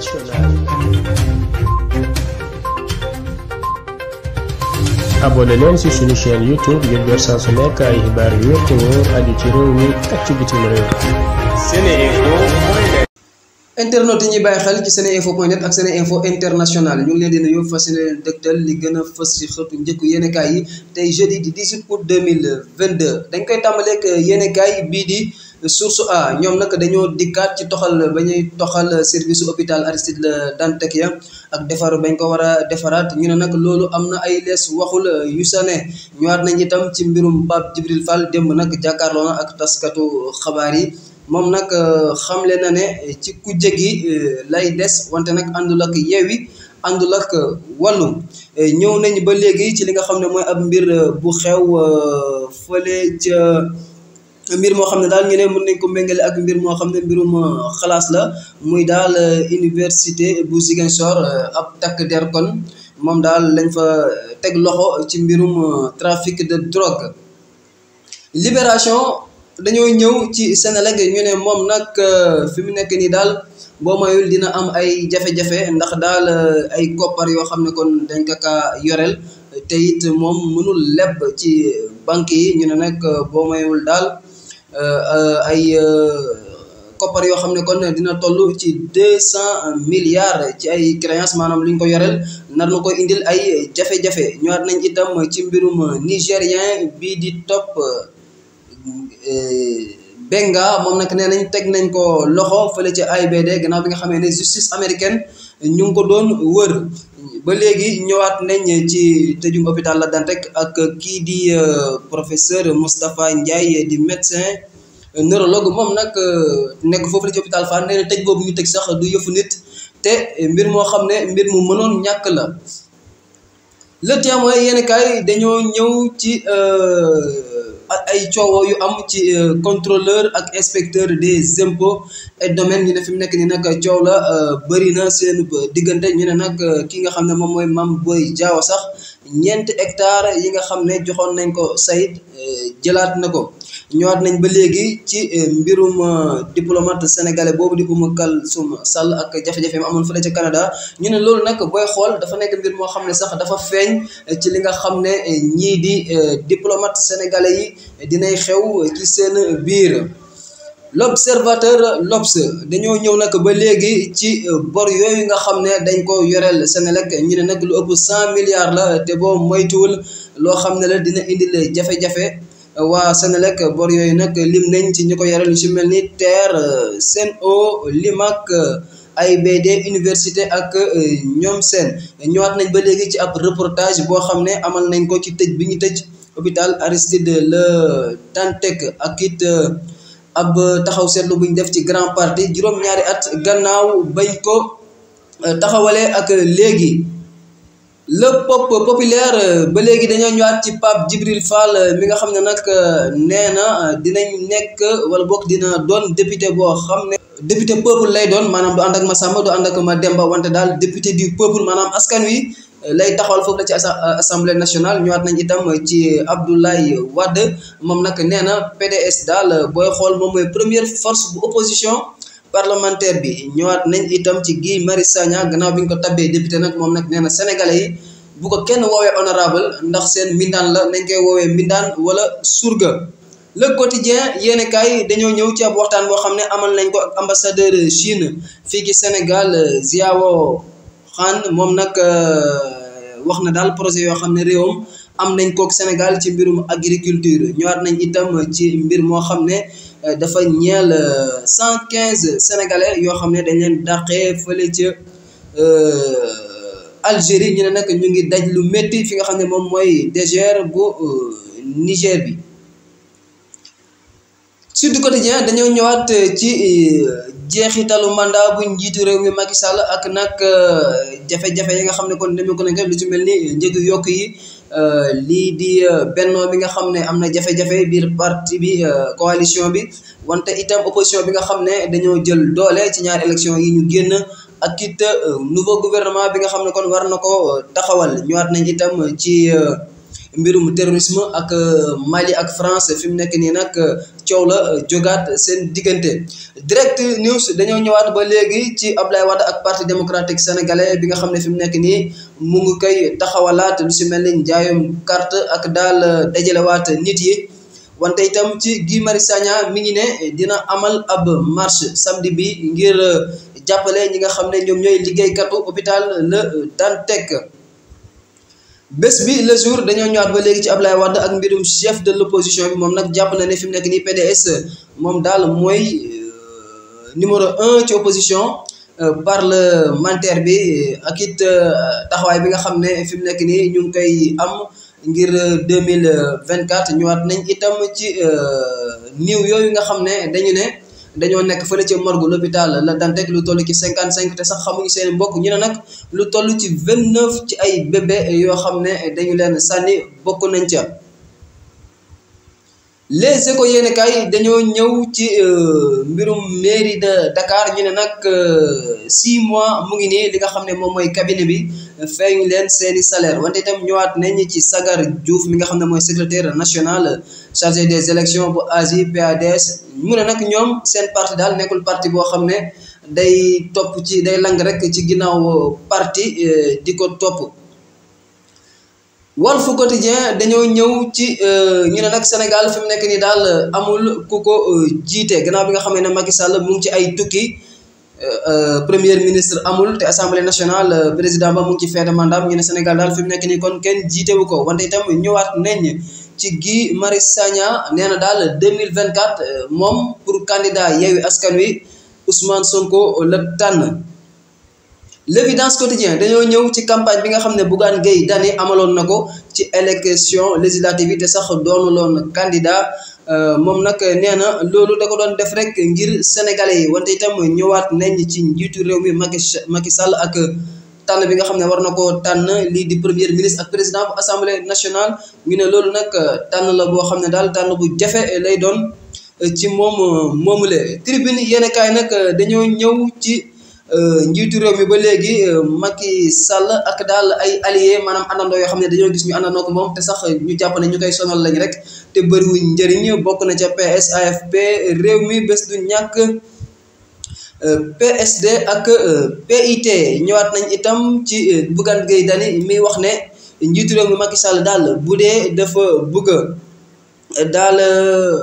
internationale. abonné leen ci suñu chaîne youtube ngir jot saa su nekk ay xibaar yu wér te ci réew mi ak ci bitim réew. seneinfo.net. internautes yi international ñu ngi leen di nuyu fas yéene dëgtal li gën a fës ci xëtu njëkku yéenekaay yi tey jeudi di 18 août 2022 dañ koy tàmbaleeg yéenekaay bii di. source a ñoom nag dañoo dikkaat ci toxal ba toxal service hôpital Aristide Le ya ak defar bañ ko war a defaraat ñu ne nag loolu am na ay lees waxul euh, yu sane ñëwaat nañ itam ci mbirum Pape Djibril Fall démb nag jàkkaarloo ak taskatu xabaar yi moom nag euh, xamle na ne ci kujje gi euh, lay des wante nag àndul ak Yewwi àndul ak wàllu ñëw nañ ba léegi ci li nga xam ne mooy ab mbir bu xew fële ca mbir moo xam ne daal ñu ne mën nañ ko méngale ak mbir moo xam ne mbirum euh, xalaas la muy daal euh, université bu Ziguinchor euh, ab takk der kon moom daal lañ fa teg loxo ci mbirum trafic de drogue libération dañoo ñëw ci Sénélec ñu ne moom nag fi mu nekk nii daal boo mayul dina am ay jafe-jafe ndax daal ay koppar yoo xam ne kon dañ ko kaa yoreel te moom mënul leb ci banque yi ñu ne nag boo mayul daal Euh, euh, ay euh, koppar yoo xam ne kon dina toll ci deux cent milliards ci ay créances maanaam li ko yoreel nar na ko indil ay jafe-jafe ñëwaat nañ itam ci mbirum nigérien bii di topp Benga moom nag nee nañ teg nañ ko loxo fële ci AIBD gannaaw bi nga xamee ne justice américaine ñu ngi ko doon wër ba léegi ñëwaat nañ ci tëjum hôpital La Dantec ak kii di euh, professeur Moustapha Ndiaye di médecin euh, neurologue moom nag euh, nekk foofu la ci hôpital Fann nee na tëj boobu ñu tëj sax du yëfu nit te mbir moo xam ne mbir mu mënoon ñàkk la le témoin yéen kaay dañoo ñëw ci. ay coowoo yu am ci euh, contrôleur ak inspecteur des impôts et domaines ñu ne fi mu nekk nii nag coow la euh, bëri na seen diggante ñu ne nag euh, ki nga xam ne moom mooy maam booy Diao sax ñeenti hectare yi nga xam ne joxoon nañ ko Saïd jëlaat na ko. ñëwaat nañ ba léegi ci euh, mbirum euh, diplomate sénégalais boobu di Oumou Sall ak jafe-jafe mu amoon fële ca Canada ñu ne loolu nag booy xool dafa nekk mbir moo xam ne sax dafa feeñ euh, ci li nga xam ne ñii di diplomate sénégalais yi dinay xew ci seen biir. l'observateur l'Obs dañoo ñëw nag ba léegi ci bor yooyu nga xam ne dañ ko yoreel Sénélec ñu ne nag lu ëpp cent milliards la te boo moytuwul loo xam ne la dina indil jafe-jafe. waa Senelec bor yooyu nag lim nañ ci ñi ko yore lu mel ni seen TER ay Limac de université ak ñoom seen ñëwaat nañ ba léegi ci ab reportage boo xam ne amal nañ ko ci tëj bi ñu tëj hôpital Aristide Le Dantec ak it ab taxaw seetlu bu ñu def ci Grand Parti juróom-ñaari at gannaaw bañ ko taxawalee ak léegi. le pop populaire euh, ba léegi dañoo ñëwaat ci Pape Djibril Fall euh, mi nga xam ne nag euh, nee na dinañ nekk wala bokk dina doon député boo xam ne député peuple lay doon maanaam du ànd ma Samba du ànd ak ma ba wante daal député du peuple maanaam askan wi lay taxawal foofu la ci assemblée nationale ñëwaat nañ itam ci Abdoulaye Wade moom nag nee na PDS daal booy xool moom mooy première force bu opposition parlementaire bi ñëwaat nañ itam ci Guy Marius Sagna gannaaw bi ñu ko tabbee député nag moom nag nee na sénégalais bu ko kenn woowee honorable ndax seen mbindaan la nañ koy woowee mbindaan wala surga le quotidien yéen kaay dañoo ñëw ci ab waxtaan boo xam ne amal nañ ko ak ambassadeur Chine fii ki Sénégal Ziawo Khan moom nag euh, wax na daal projet yoo xam ne réewam am nañ kook Sénégal ci mbirum agriculture ñëwaat nañ itam ci mbir moo xam ne Euh, dafa ñeel euh, cent quinze sénégalais yoo xam ne dañ leen dàqee fële ca euh, Algérie ñu ne nag ñu ngi daj lu métti fi nga xam ne moom mooy DGR bu Niger bi surtout Sud Quotidien dañoo ñëwaat ci jeexitalu mandat bu njiitu réew mi Macky Sall ak nag jafe-jafe yi nga xam ne kon demee ko nañ lu ci mel ni njëgu yokk yi Euh, lii di euh, benno bi nga xam ne am na jafe-jafe biir parti bi euh, coalition bi wante itam opposition bi nga xam ne dañoo jël doole ci ñaar élection yi ñu génn ak it nouveau gouvernement bi nga xam ne kon war na ko taxawal ñëwaat nañ itam ci mbirum terrorisme ak euh, Mali ak France fi mu nekk nii nag euh, coow la euh, jógaat seen diggante direct news dañoo ñëwaat ba léegi ci Ablaye Wade ak parti démocratique sénégalais bi nga xam ne fi mu nekk nii mu ngi koy taxawalaat lu si mel ni njaayum carte ak daal dajalewaat nit yi. wante itam ci Guy Marius Sagna mi ngi ne dina amal ab marche samdi bi ngir jàppale ñi nga xam ne ñoom ñooy liggéeykatu hôpital Le Dantec bés bi le jour dañoo ñëwaat ba léegi ci Ablaye Wade ak mbirum chef de l' opposition bi moom nag jàpp na ne fi mu nekk nii PDS moom daal mooy euh, numéro un ci opposition euh, parlementaire bi ak it euh, taxawaay bi nga xam ne fi mu nekk nii ñu ngi koy am ngir deux mille vingt quatre ñëwaat nañ itam ci niiw yooyu nga xam ne dañu ne. dañoo nekk fële ca morgue l'hôpital la Dantec lu toll ci cinquante cinq te sax xamuñu seen mbokk ñu ne nag lu toll ci vingt neuf ci ay bébé yoo xam ne dañu leen sànni bokk nañ ca les éco yéeni kay dañoo ñëw ci euh, mbirum mairie de dakaar ñu ne nag euh, six mois mu ngi nii li nga xam ne moom mooy cabinet bi feeñu leen seeni salaire wante itam ñëwaat nañ ci Sagar Diouf mi nga xam ne mooy secrétaire national chargé des élections bu AJ PADS mu ne nag ñoom seen parti daal nekkul parti boo xam ne day topp ci day lang rek ci ginnaaw parti eh, di ko topp Walf Quotidien dañoo ñëw ci eh, ñu ne nag Sénégal fi mu nekk nii daal amul ku ko eh, jiite gannaaw bi nga xam ne Macky Sall mu ngi ci ay tukki premier ministre amul te assemblée nationale président ba mu ngi ci fin de mandat ñu ne Sénégal daal fi mu nekk nii kon kenn jiite ko wante itam ñëwaat nañ. ci Guy Marius Sagna nee na daal 2024 euh, moom pour candidat Yewwi Askan Wi Ousmane Sonko la tànn l'évidence quotidien dañoo ñëw ci campagne bi nga xam ne Bougane Gueye Dany amaloon na ko ci élection législative yi te sax doonuloon candidat euh, moom nag nee na loolu da ko doon def rek ngir sénégalais yi wante itam ñëwaat nañ ci njiitu réew mi Macky Sall ak tànn bi nga xam ne war na koo tànn lii di premier ministre ak président bu assemblée nationale ñu ne loolu nag euh, tànn la boo xam ne daal tànn bu jafe lay doon euh, ci moom euh, moomule tribune yéen a kaay nag dañoo ñëw ci njiitu réew mi ba léegi Macky sàll ak daal ay alliés maanaam àndandoo yoo xam ne dañoo gis ñu àndandoo ko moom te sax ñu jàpp ñu koy sonal lañ rek te bariwuñ njëriñ bokk na ca PS AFP réew mi bés du ñàkk. PSD ak euh, PIT ñëwaat nañ itam ci euh, Bougane Gueye Dany mi wax ne njiitu réew mi Macky Sall daal bu dee dafa bëgg daal euh,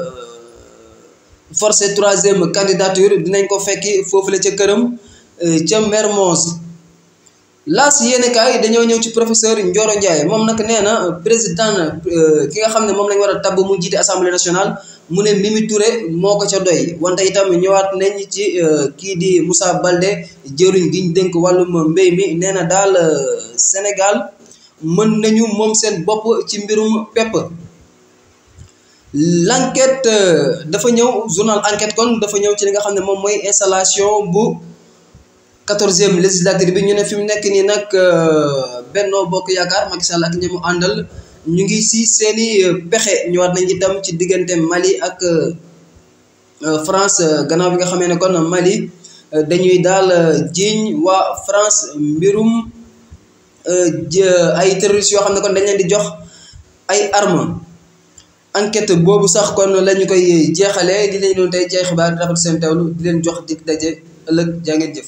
forcer troisième candidature dinañ ko fekki foofu la ca këram ca Mermoz laas yéene kaay dañoo ñëw ci professeur Ndioro Ndiaye moom nag nee na président ki nga xam ne moom lañ war a mu jiite assemblée nationale mu ne Mimi Touré moo ko ca doy wante itam ñëwaat nañ ci euh, kii di Moussa Baldé jëriñ gi ñu dénk wàllum mbéy mi nee na daal euh, Sénégal mën nañu moom seen bopp ci mbirum pepp l'enquête euh, dafa ñëw journal enquête kon dafa ñëw ci li nga xam ne moom mooy installation bu quatorzième législature bi ñu ne fi mu nekk nii nag Benno Bokk Yaakaar Macky Sall ak ñi mu àndal ñu ngi si seeni euh, pexe ñëwaat nañ itam ci diggante Mali ak euh, euh, France gannaaw bi nga xamee ne kon Mali dañuy daal jiiñ waa France mbirum ay terroristes yoo xam ne kon dañ leen di jox ay armes enquête boobu sax kon la ñu koy jeexalee di leen doon tey jeex baa di rafetlu seen teewlu di leen jox di daje ëllëg jaa jëf.